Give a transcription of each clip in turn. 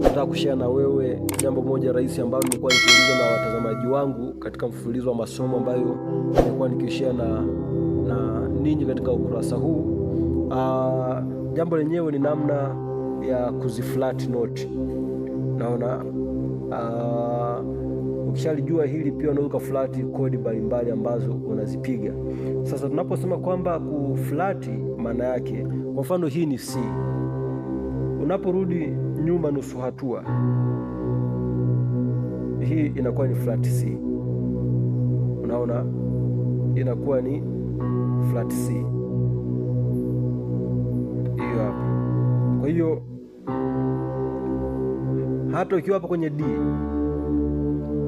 Nataka kushare na wewe jambo moja rahisi ambalo nilikuwa nikiuliza na watazamaji wangu katika mfululizo wa masomo ambayo nilikuwa nikishare na, na ninyi katika ukurasa huu. Uh, jambo lenyewe ni namna ya kuziflat note. Naona uh, ukishalijua hili pia unaweza ukaflati kodi mbalimbali ambazo unazipiga. Sasa tunaposema kwamba kuflati, maana yake kwa mfano hii ni C, unaporudi nyuma nusu hatua, hii inakuwa ni flat C. Unaona, inakuwa ni flat C hiyo hapo. Kwa hiyo hata ukiwa hapa kwenye D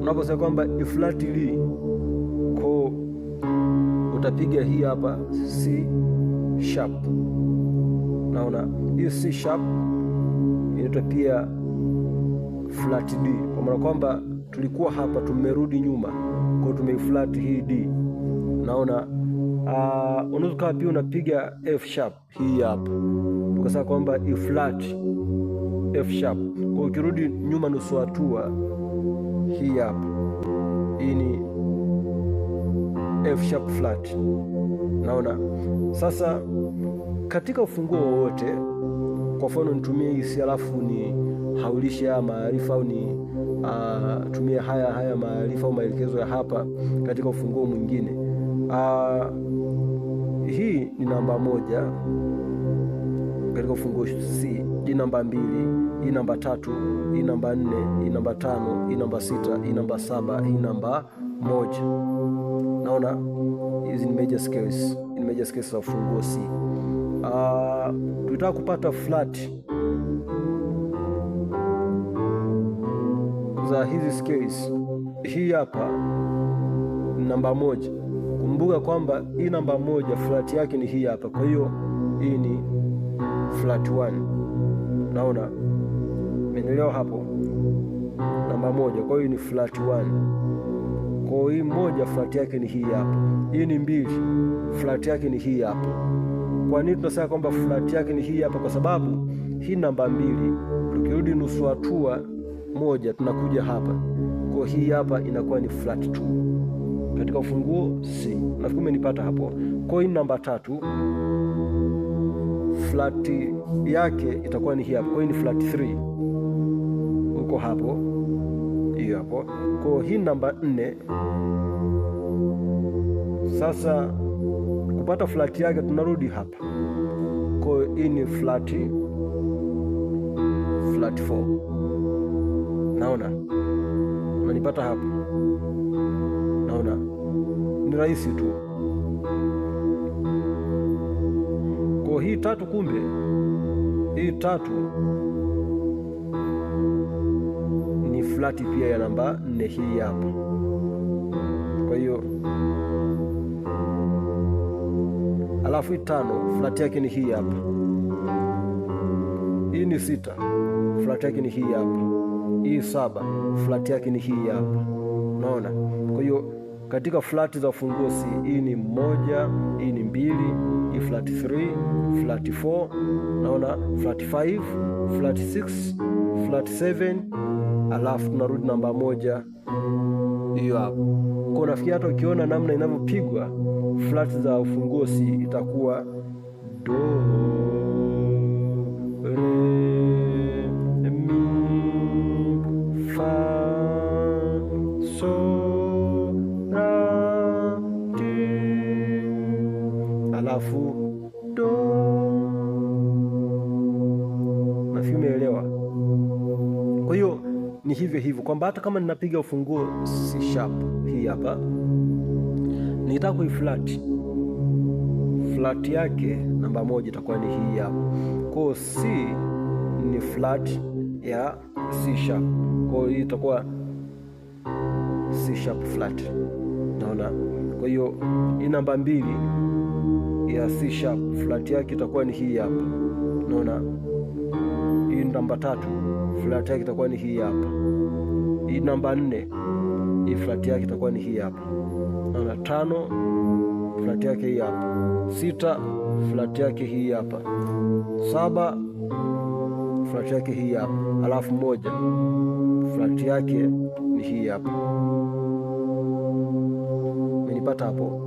unaposema kwamba E flat D, ko utapiga hii hapa C sharp. Naona hiyo C sharp inaitwa pia flat D, kwa maana kwamba tulikuwa hapa tumerudi nyuma, kwa tume flat hii D. Naona uh, unaweza ukawa pia unapiga F sharp hii hapa, tukasema kwamba i flat F sharp, kwa ukirudi nyuma nusu hatua hii hapa, hii ni F sharp flat. Naona sasa katika ufunguo wowote kwa mfano nitumie hisia alafu ni haulishe haya maarifa au ni uh, tumie haya haya maarifa au maelekezo ya hapa katika ufunguo mwingine. Uh, hii ni namba moja katika ufunguo C. Hii namba mbili, hii namba tatu, hii namba nne, hii namba tano, hii namba sita, hii namba saba, hii namba moja. Naona hizi ni major scales, ni major scales za ufunguo C. Ah, tunataka kupata flat za hizi scales. Hii hapa namba moja, kumbuka kwamba hii namba moja flat yake ni hii hapa, kwa hiyo hii ni flat 1. Naona menelewa hapo, namba moja, kwa hiyo ni flat 1. Kwa hii moja flat yake ni hii hapa. Hii ni mbili, flat yake ni hii hapa. Kwa nini tunasema kwamba flati yake ni hii hapa? Kwa sababu hii namba mbili, tukirudi nusu hatua moja tunakuja hapa, kwa hii hapa inakuwa ni flat 2 katika ufunguo C. Nafikiri umenipata hapo. Kwa hii namba tatu flat yake itakuwa ni hii hapa, kwa hii ni flat 3 huko hapo, hiyo hapo. Kwa hii namba nne sasa kupata flati yake tunarudi hapa. Kwa hiyo hii ni flati flati 4. Naona unanipata hapa, naona ni rahisi tu. Kwa hii tatu, kumbe hii tatu ni flati pia ya namba 4 hii hapa, kwa hiyo alafu tano flat yake ni hii hapa. Hii ni sita, flat yake ni hii hapa. Hii saba, flat yake ni hii hapa. Unaona? Kwa hiyo katika flat za funguo C, hii ni moja, hii ni mbili, hii flat 3, flat 4, naona flat 5, flat 6, flat 7, alafu tunarudi namba moja hiyo hapo. Kwa nafikiri hata ukiona namna inavyopigwa flat za ufunguo C itakuwa do re mi fa so la ti, alafu do. Nafikiri umeelewa. Kwa hiyo ni hivyo mm. hivyo kwamba hata kama ninapiga ufunguo C sharp hii hapa, nitaka kui flat yake namba moja itakuwa ni hii hapa. Kwa C ni flat ya C sharp, kwa hiyo hii itakuwa C sharp flat. Naona, kwa hiyo hii namba mbili ya C sharp flat yake itakuwa ni hii hapa. Naona hii namba tatu flat yake itakuwa ni hii hapa, hii namba nne, hii flat yake itakuwa ni hii hapa. Naona tano, flat yake hii hapa. Sita, flat yake hii hapa. Saba, flat yake hii hapa, alafu moja, flat yake ni hii hapa. Menipata hapo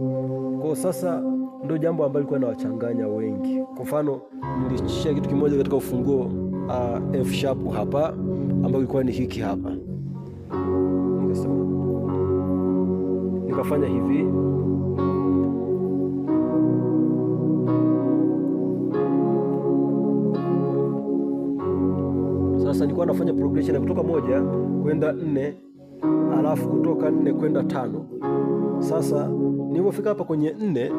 kwa sasa ndio jambo ambalo lilikuwa na wachanganya wengi. Kwa mfano, niliishia kitu kimoja katika ufunguo uh, F sharp hapa ambayo ilikuwa ni hiki hapa. nikafanya hivi sasa, nilikuwa nafanya progression kutoka moja kwenda nne, alafu kutoka nne kwenda tano. Sasa nilipofika hapa kwenye nne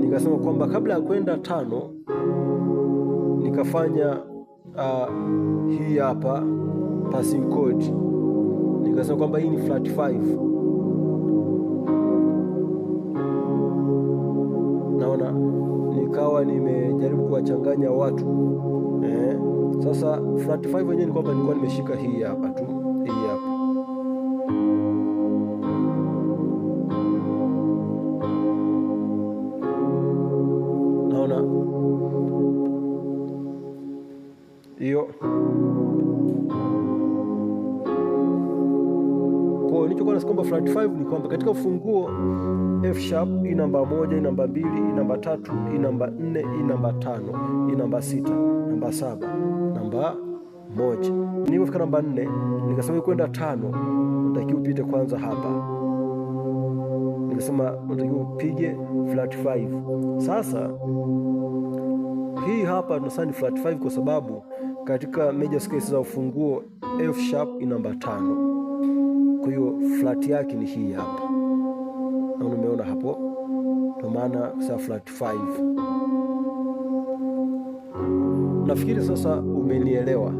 nikasema kwamba kabla ya kwenda tano nikafanya uh, hii hapa passing code, nikasema kwamba hii ni flat 5 naona nikawa nimejaribu kuwachanganya watu eh. Sasa flat 5 wenyewe ni kwamba nilikuwa nimeshika hii hapa tu kwa hiyo nilichokuwa nasikomba flat 5 ni kwamba katika ufunguo F sharp i e namba moja, i e namba mbili, i e namba tatu, i namba nne, i namba tano, i namba sita, namba saba, namba moja. Nilipofika namba nne nikasema kwenda tano, unatakiwa upite kwanza hapa nikasema unatakiwa upige flat 5. Sasa hii hapa tunasema ni flat 5 kwa sababu katika major scales za ufunguo F sharp ni namba tano. Kwa hiyo flat yake ni hii hapa, na umeona hapo, kwa maana sa flat 5. Nafikiri sasa umenielewa.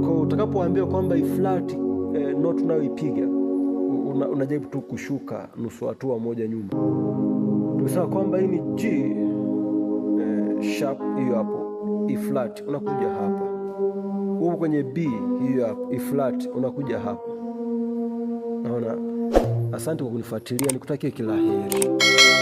Kwa utakapoambiwa kwamba i flat eh, note unayoipiga unajaribu una tu kushuka nusu hatua moja nyuma, tusema kwamba hii ni G eh, sharp hiyo hapo E flat unakuja hapa, huko kwenye B hiyo hapo, E flat unakuja hapa. Naona. Asante kwa kunifuatilia, nikutakie kila heri.